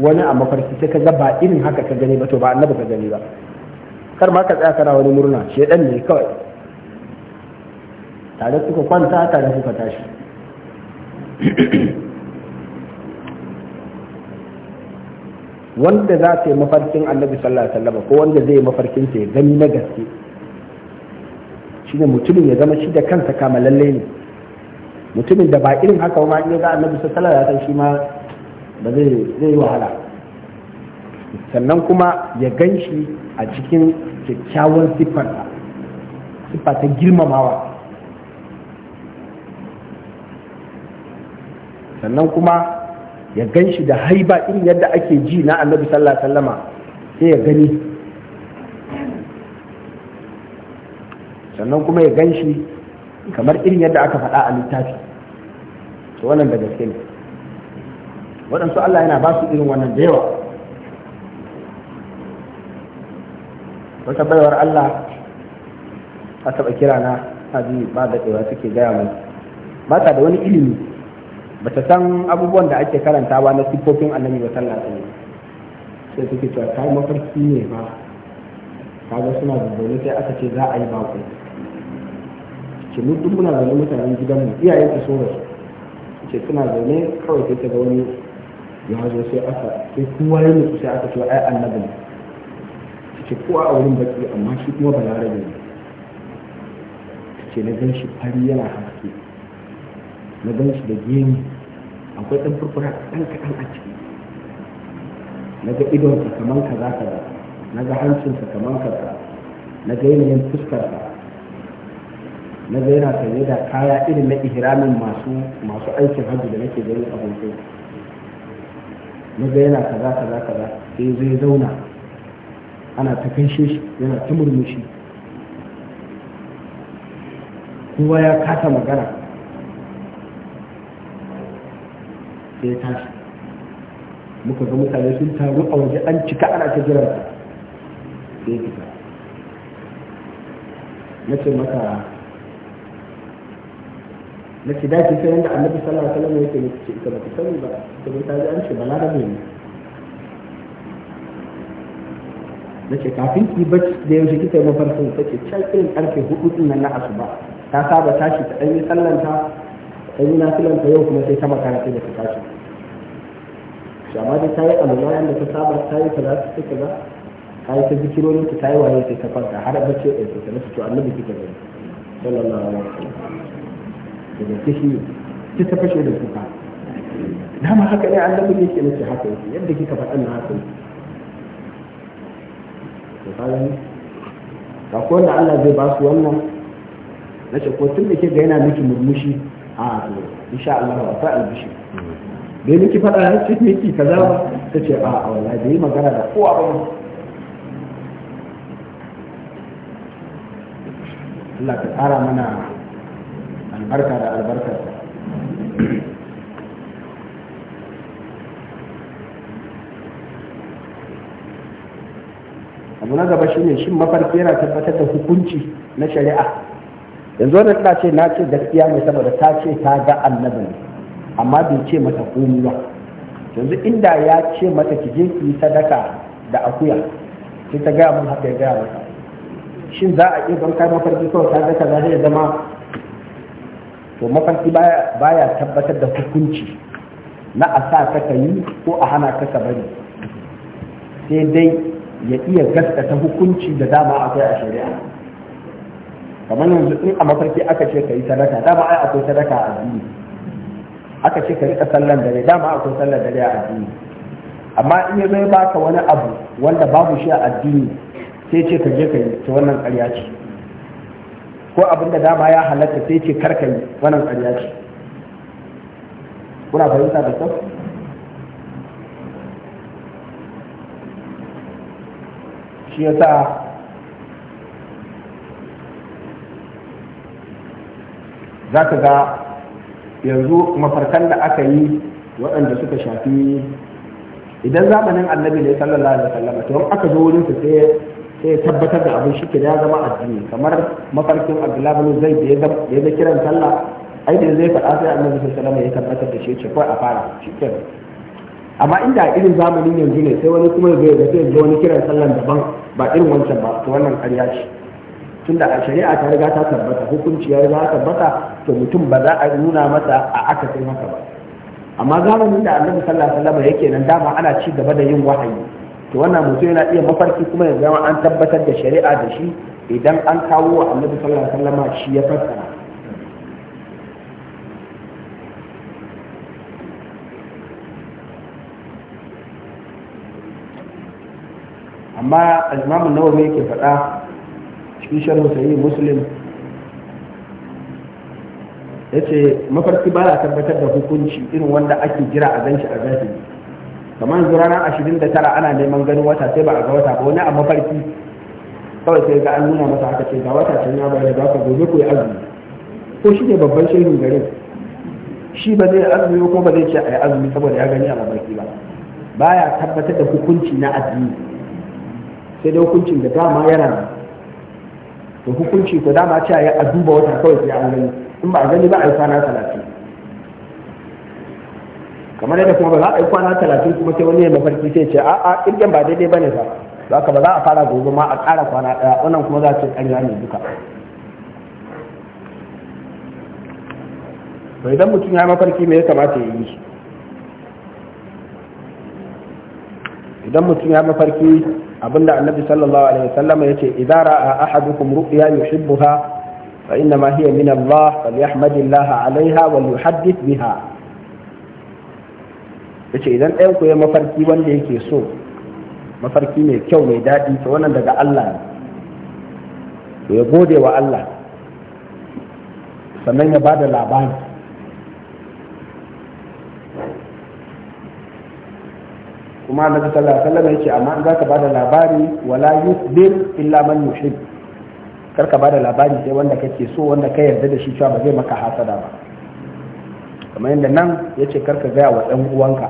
S1: wani a mafarki sai ka ga ba irin haka ka gani ba to ba annabi ka gani ba kar ma ka tsaya kana wani murna shedan ne kawai tare suka kwanta tare suka tashi wanda za ta yi mafarkin annabi sallallahu alaihi wasallam ko wanda zai yi mafarkin ta ya gani na gaske shine mutumin ya zama shi da kansa kama lalle ne mutumin da ba irin haka ma in ga annabi sallallahu alaihi wasallam shi ma ba zai zai yi wahala sannan kuma ya ganshi a cikin kyakkyawan siffarsa siffa ta girmamawa sannan kuma ya gan shi da haiba irin yadda ake ji na annabi sallallahu alaihi wasallama sai ya gani sannan kuma ya gan shi kamar irin yadda aka faɗa a littafi to wannan da gaske ne waɗansu Allah yana ba su irin wannan da yawa wata baiwar Allah a taɓa kira na haji ba da ɗewa suke gaya mai ba ta da wani ilimi ba ta san abubuwan da ake karanta ba na siffofin annabi ba sallallahu ne sai suke cewa kai mafarki ne ba kaga suna zazzaune sai aka ce za a yi bako ce mu duk muna zaune mutanen gidanmu iyayen su sora su ce suna zaune kawai sai ta zaune wani ya zo sai aka sai kowa ya mutu sai aka ce ai annabi ne ce kowa a wurin baki amma shi kuma balarabe ne ce na gan shi fari yana haske na gan shi da gini akwai ɗan furfura ɗan kaɗan a ciki na ga idonsa za kaza kaza na ga hancinsa ka kaza na ga yanayin fuskarsa na ga yana sanye da kaya irin na ihramin masu masu aikin hajji da nake gani a hoto na ga yana kaza kaza kaza
S2: sai zai zauna
S1: ana ta kanshe shi yana ta murmushi kowa ya kasa magana sai ya tashi muka ga mutane sun taru a waje an cika ana ta jira sai ya fita na ce maka na ce dace sai yadda annabi sallallahu alaihi wasallam yake ne ce ita ba ta sani ba ta bai taji an ce balarabe ne na ce kafin ki bacci da yaushe kika yi mafarkin ta ce can irin karfe hudu din nan na asuba ta saba tashi ta ɗanyi tsallanta. sallanta sai yi nafilan ta yau kuma sai ta kana sai da ta tashi shi amma dai ta yi alwala yadda ta saba ta yi kaza ta kaza ta yi ta zikirorin ta ta yi waye sai ta kwanta har ce ɗaya sai ta nasu to annabi kika gani sallallahu alaihi wasallam daga kishi ki ta fashe da kuka dama haka ne annabi ne ke nace haka yake yadda kika faɗa na haka yake to kaga ka ko da Allah zai ba su wannan nace ko tun da ke ga yana miki murmushi a ah, insha Allah ba ta albishi da miki faɗa ya ce miki kaza ba ta ce a ah, a ah, wallahi da yi magana da kowa ba Allah ka tsara mana albarka da albarka abu na gaba shine shin mafarki yana tabbatar da hukunci na shari'a yanzu wannan tana ce na ce gaskiya ne saboda ta ce ta ga annabi ne amma bai ce mata komai yanzu inda ya ce mata ki je ki sadaka da akuya sai ta gaya mun haka ya gaya mata shin za a iya banka mafarki kawai ta ga za zai zama to mafarki baya tabbatar da hukunci na a sa ka yi ko a hana ka ka bari sai dai ya iya gaskata hukunci da dama akwai a shari'a kamar yanzu in a mafarki aka ce ka yi sadaka dama ai akwai sadaka a addini aka ce ka rika sallan dare dama akwai sallan dare a addini amma in ya zai baka wani abu wanda babu shi a addini sai ce ka je ka yi ta wannan karya ce ko abin da dama ya halatta sai ce kar ka yi wannan karya ce kuna fahimta da kyau shi yasa za ka ga yanzu mafarkan da aka yi waɗanda suka shafi idan zamanin annabi ne sallallahu alaihi wasallam to aka zo wurin sai sai ya tabbatar da abin shi ya zama addini kamar mafarkin abdullahi bin zaid da ya da kiran sallah ai da zai faɗa sai annabi sallallahu alaihi ya tabbatar da shi ce a fara shi amma inda a irin zamanin yanzu ne sai wani kuma ya ga sai ya wani kiran sallan daban ba irin wancan ba to wannan ƙarya ce tunda a shari'a ta riga ta tabbata hukunci ya riga ta tabbata to mutum ba za a nuna masa a aka akasin haka ba amma zamanin da annabi sallallahu alaihi wasallam yake nan dama ana ci gaba da yin wahayi to wannan mutum yana iya mafarki kuma ya zama an tabbatar da shari'a da shi idan an kawo wa annabi sallallahu alaihi wasallam shi ya fassara amma al-imam an-nawawi yake faɗa cikin sharhu sahihi muslim yace mafarki ba a tabbatar da hukunci irin wanda ake jira a ganshi a zahiri kamar yanzu ranar ashirin da tara ana neman ganin wata sai ba a ga wata ba wani a mafarki kawai sai ga an nuna masa aka ce ga wata can ya bayar da ka gobe ku yi azumi ko shi ne babban shehin garin shi ba zai azumi ko ba zai ce a yi azumi saboda ya gani a mafarki ba baya tabbatar da hukunci na addini sai da hukuncin da dama yana to hukunci ko dama ce a duba wata kawai sai an gani in ba a gani ba a yi kwana talatin kamar yadda kuma ba za a yi kwana talatin kuma sai wani ya mafarki sai ce a'a kirgin ba daidai bane ba za ka ba za a fara gobe ma a ƙara kwana ɗaya wannan kuma za a ce ƙanya ne duka to idan mutum ya mafarki me ya kamata ya yi idan mutum ya mafarki abinda annabi sallallahu alaihi wasallam yace idza ra'a ahadukum ru'ya yuhibbuha fa inna ma hiya min Allah falyahmadillaha alaiha wal yuhaddith biha yace idan ɗayan ku ya mafarki wanda yake so mafarki mai kyau mai daɗi to wannan daga Allah ne ya gode wa Allah sannan ya bada labari kuma annabi sallallahu alaihi sallama yake amma in zaka bada labari wala yusbir illa man yuhib kar ka bada labari sai wanda kake so wanda ka yarda da shi cewa ba zai maka hasada ba kamar yadda nan yace kar ka gaya wa dan uwanka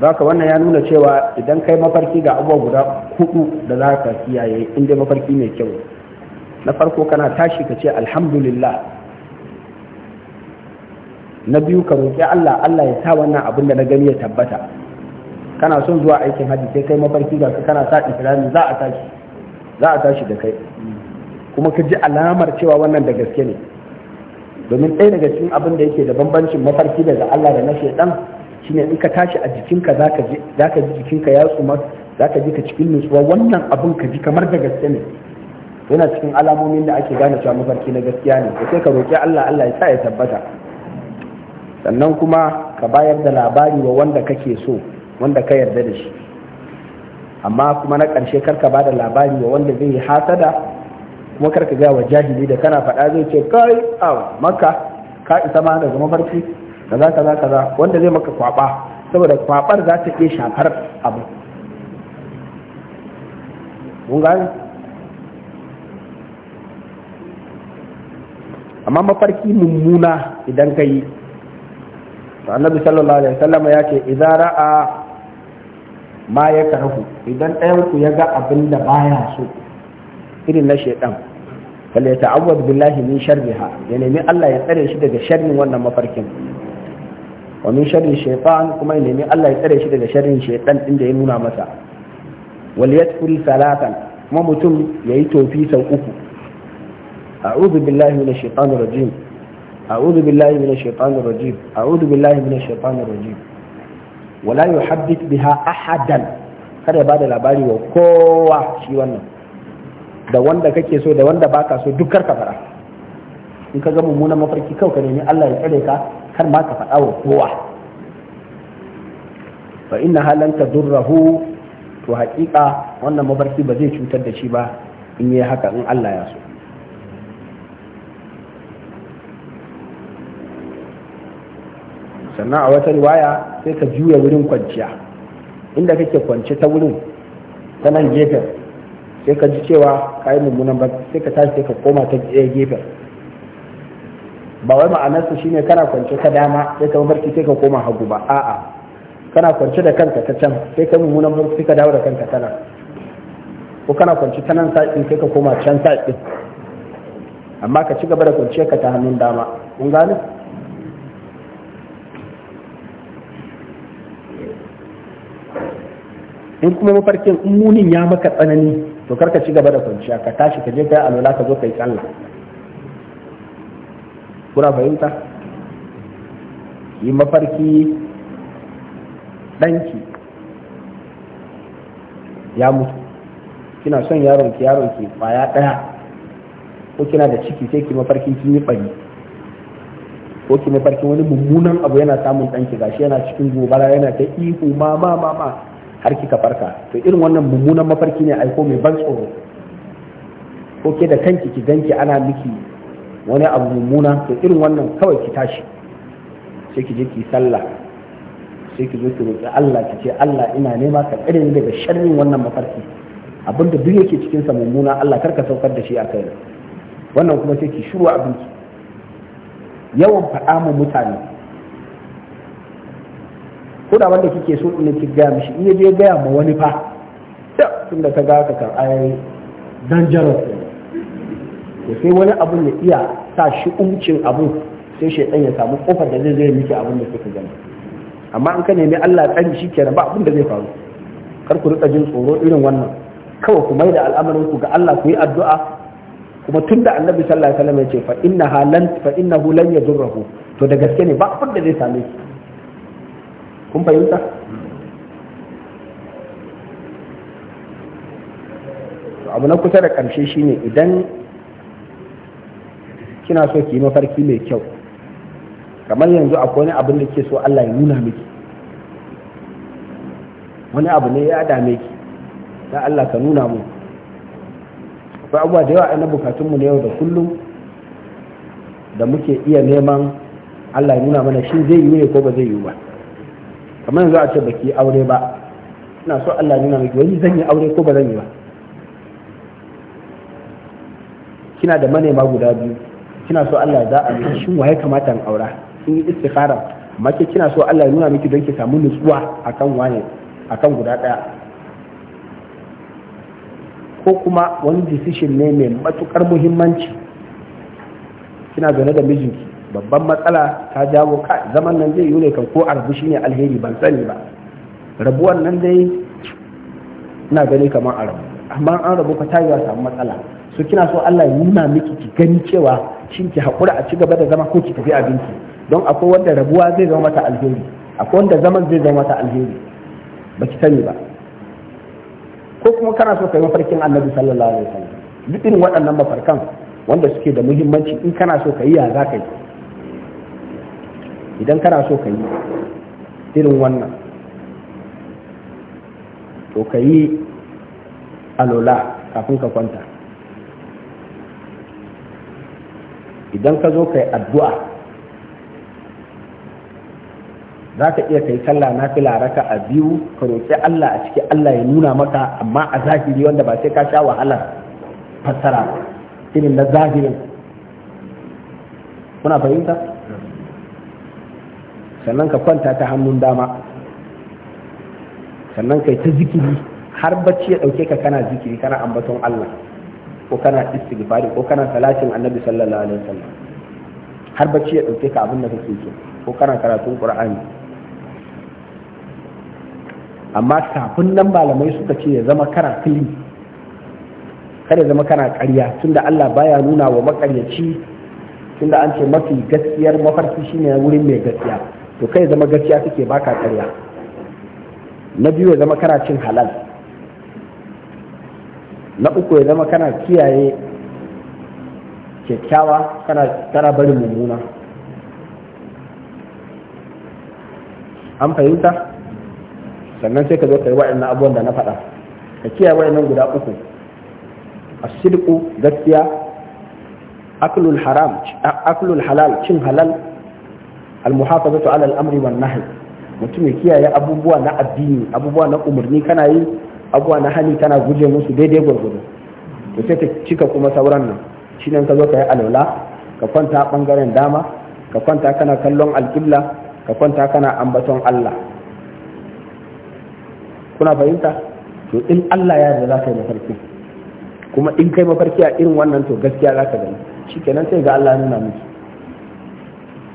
S1: zaka wannan ya nuna cewa idan kai mafarki ga abubuwa guda hudu da za ka kiyaye inda mafarki mai kyau na farko kana tashi ka ce alhamdulillah na biyu ka roƙi Allah Allah ya sa wannan abin da na gani ya tabbata kana son zuwa aikin hajji sai kai mafarki ga kana sa islami za a tashi za a tashi da kai kuma ka ji alamar cewa wannan da gaske ne domin ɗaya daga cikin abin da yake da bambancin mafarki daga Allah da na shaidan shine in ka tashi a jikinka zaka ji zaka ji jikinka ya tsuma zaka ji ka cikin nutsuwa wannan abin ka ji kamar da gaske ne yana cikin alamomin da ake gane cewa mafarki na gaskiya ne sai ka roƙi Allah Allah ya sa ya tabbata sannan kuma ka bayar da labari wa wanda kake so wanda ka yarda da shi amma kuma na ƙarshe karka ba da labari wa wanda zai yi hasada kuma karka gaya wa jahili da kana faɗa zai ce kai a maka ka isa ma daga mafarki za kaza kaza wanda zai maka kwaba saboda kwabar za ta iya shafar abu mun amma mafarki mummuna idan ka yi to annabi sallallahu alaihi wasallam ya ce idza ra'a ma ya karahu idan ɗayan ku ya ga abin da baya so irin na shaidan fal ya ta'awwad billahi min sharriha ya nemi Allah ya tsare shi daga sharrin wannan mafarkin wa min sharri shaytan kuma ya nemi Allah ya tsare shi daga sharrin shaiɗan din da ya nuna masa wal yatfuri salatan kuma mutum yayi tofi sau uku a'udhu billahi minash shaitanir rajim أعوذ بالله من الشيطان الرجيم أعوذ بالله من الشيطان الرجيم ولا يحدث بها أحدا kada ya bada labari wa kowa shi wannan da wanda kake so da wanda baka so duk ka fara in ka ga mummunan mafarki kawai ka nemi Allah ya tsare ka kar ma ka faɗa wa kowa fa inna halanta tadurruhu to haƙiƙa wannan mafarki ba zai cutar da shi ba in yi haka in Allah ya so sannan a wata riwaya sai ka juya wurin kwanciya inda kake kwance ta wurin ta nan gefen sai ka ji cewa ka yi mummunan ba sai ka tashi sai ka koma ta gefen ba wai ma'anarsa shine kana kwance ta dama sai ka mafarki sai ka koma hagu ba a'a kana kwance da kanka ta can sai ka mummunan ba sai ka dawo da kanka ta nan ko kana kwance ta nan sa'in sai ka koma can sa'in amma ka ci gaba da kwanciyar ka ta hannun dama kun gane in kuma mafarkin in munin ya maka tsanani to karka ci gaba da kwanciya ka tashi ka je ka yi ka zo ka yi sallah kuna fahimta yi mafarki ɗanki ya mutu kina son yaron ki yaron ki kwaya ɗaya ko kina da ciki sai ki mafarkin kin yi ɓari ko ki mafarkin wani mummunan abu yana samun ɗanki gashi yana cikin gobara yana ta ihu ma ma ma ma har kika farka to irin wannan mummunan mafarki ne aiko mai ban tsoro ko ke da kanki ki ganki ana miki wani abu mummuna to irin wannan kawai ki tashi sai ki je ki sallah sai ki zo ki roƙi Allah ki ce Allah ina nema ka tsare ni daga sharrin wannan mafarki abinda duk yake cikin sa mummuna Allah karka saukar da shi a kai wannan kuma sai ki shiru abinki yawan faɗa mu mutane ko da wanda kike so in ki ga mishi in je gaya ma wani fa tunda ka ga ka karai dangerous ne sai wani abu ya iya sa shi umcin abun sai shaitan ya samu kofar da zai zai miki abin da kike gani amma in ka nemi Allah shi shikenan ba abin da zai faru kar ku rika jin tsoro irin wannan kawai ku maida al'amarin ku ga Allah ku yi addu'a kuma tunda annabi sallallahu alaihi wasallam ya ce fa innaha lan fa innahu lan yadurruhu to da gaske ne ba abin da zai same ki kun fahimta abu na kusa da ƙarshe shine idan kina so ki yi mafarki mai kyau kamar yanzu akwai wani abin da ke so Allah ya nuna miki wani abu ne ya dame ki na Allah ka nuna mu akwai abubuwa da yawa na bukatunmu na yau da kullum da muke iya neman Allah ya nuna mana shi zai yi ne ko ba zai yi ba kamar yanzu a ce baki aure ba ina so Allah nuna miki wani zan yi aure ko ba zan yi ba kina da manema guda biyu kina so Allah za a miki shin waye kamata in aura in yi istikhara amma ke kina so Allah ya nuna miki don ki samu nutsuwa akan wane akan guda daya ko kuma wani decision ne mai matukar muhimmanci kina zaune da mijinki babban matsala ta jawo ka zaman nan zai yi ne kan ko shi ne alheri ban sani ba rabuwan nan dai ina gani kamar a rabu amma an rabu ka tayuwa samu matsala so kina so Allah ya nuna miki ki gani cewa shin ki hakura a ci gaba da zama ko ki tafi abinci don akwai wanda rabuwa zai zama mata alheri akwai wanda zaman zai zama mata alheri Ba ki sani ba ko kuma kana so kai mafarkin Annabi sallallahu alaihi wasallam duk irin waɗannan mafarkan wanda suke da muhimmanci in kana so ka yi ya za ka yi idan kana so ka yi irin wannan to ka yi alola kafin ka kwanta idan ka zo ka yi addu'a za ka iya kai sallah na fi raka a biyu ka roƙi Allah a ciki Allah ya nuna maka amma a zahiri wanda ba sai ka sha wahalar fassara irin na zahirin kuna fahimta? sannan ka kwanta ta hannun dama sannan ka yi ta zikiri har bacci ya dauke ka kana zikiri kana ambaton Allah ko kana istighfari ko kana salatin annabi sallallahu alaihi wasallam har bacci ya dauke ka abin da kake so ko kana karatun qur'ani amma kafin nan malamai suka ce ya zama kana fili kada zama kana ƙarya tunda Allah baya nuna wa maƙaryaci tunda an ce mafi gaskiyar mafarki shine wurin mai gaskiya to kai zama gaskiya suke baka karya na biyu ya zama kana cin halal na uku ya zama kana kiyaye kyakkyawa kana barin mummuna an fahimta sannan sai ka zo ka yi wa'annan abubuwan da na faɗa ka kiyaye wa'annan guda uku shirku gaskiya akulul halal cin halal al-muhafazatu ala al-amri wan nahy mutum ya kiyaye abubuwa na addini abubuwa na umarni kana yi abubuwa na hali kana guje musu daidai gwargwado to sai ka cika kuma sauran nan shi shine ka zo ka yi alwala ka kwanta bangaren dama ka kwanta kana kallon alƙibla ka kwanta kana ambaton Allah kuna fahimta to in Allah ya yarda za ka yi mafarki kuma in kai mafarki a irin wannan to gaskiya za ka gani shikenan sai ga Allah nuna miki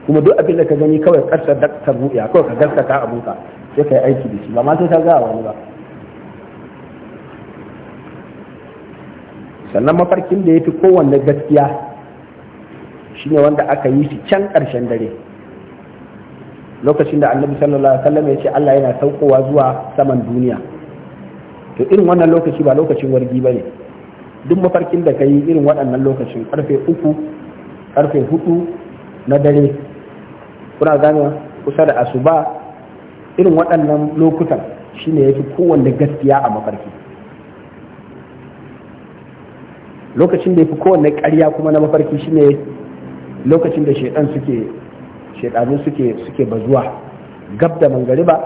S1: kuma duk abin da ka gani kawai karsa dakta ru'ya kawai ka gaskata a buka sai ka yi aiki da shi ba ma sai ka gaya wani ba sannan mafarkin da ya fi kowanne gaskiya shine wanda aka yi shi can ƙarshen dare lokacin da annabi sallallahu alaihi wasallam ya ce Allah yana saukowa zuwa saman duniya to irin wannan lokaci ba lokacin wargi bane duk mafarkin da ka yi irin waɗannan lokacin karfe uku karfe hudu na dare kuna gane kusa da asuba irin waɗannan lokutan shine yafi kowanne gaskiya a mafarki lokacin da yafi kowanne ƙarya kuma na mafarki shine lokacin da shaidan suke shaidanu suke suke bazuwa gab da mangariba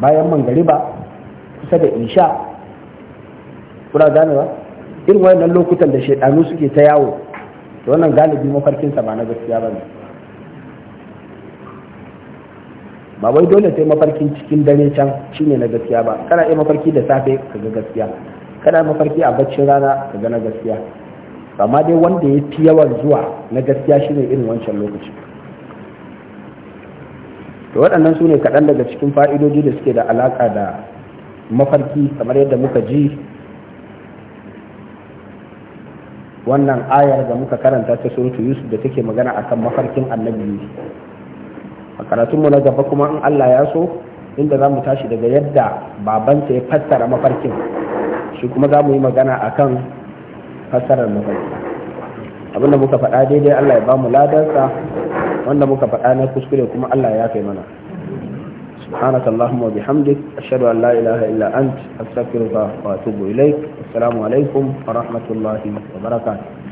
S1: bayan mangariba kusa da insha kuna ganewa irin waɗannan lokutan da shaidanu suke ta yawo wannan galibi mafarkinsa ba na gaskiya ba ne ba wai dole sai mafarki cikin dare can shine na gaskiya ba kana iya mafarki da safe ka ga gaskiya kana mafarki a baccin rana ka ga na gaskiya amma dai wanda ya fi yawan zuwa na gaskiya shine irin wancan lokaci to waɗannan su ne kaɗan daga cikin fa'idoji da suke da alaƙa da mafarki kamar yadda muka ji wannan ayar da muka karanta ta surutu yusuf da take magana akan mafarkin annabi a karatunmu na gaba kuma in Allah ya so inda za mu tashi daga yadda babanta ya fassara mafarkin shi kuma za mu yi magana a kan fassarar mafarki abinda muka faɗa daidai Allah ya ba mu ladarsa wanda muka faɗa na kuskure kuma Allah ya kai mana سبحانك اللهم وبحمدك أشهد أن لا إله إلا أنت أستغفرك وأتوب إليك السلام عليكم ورحمة الله وبركاته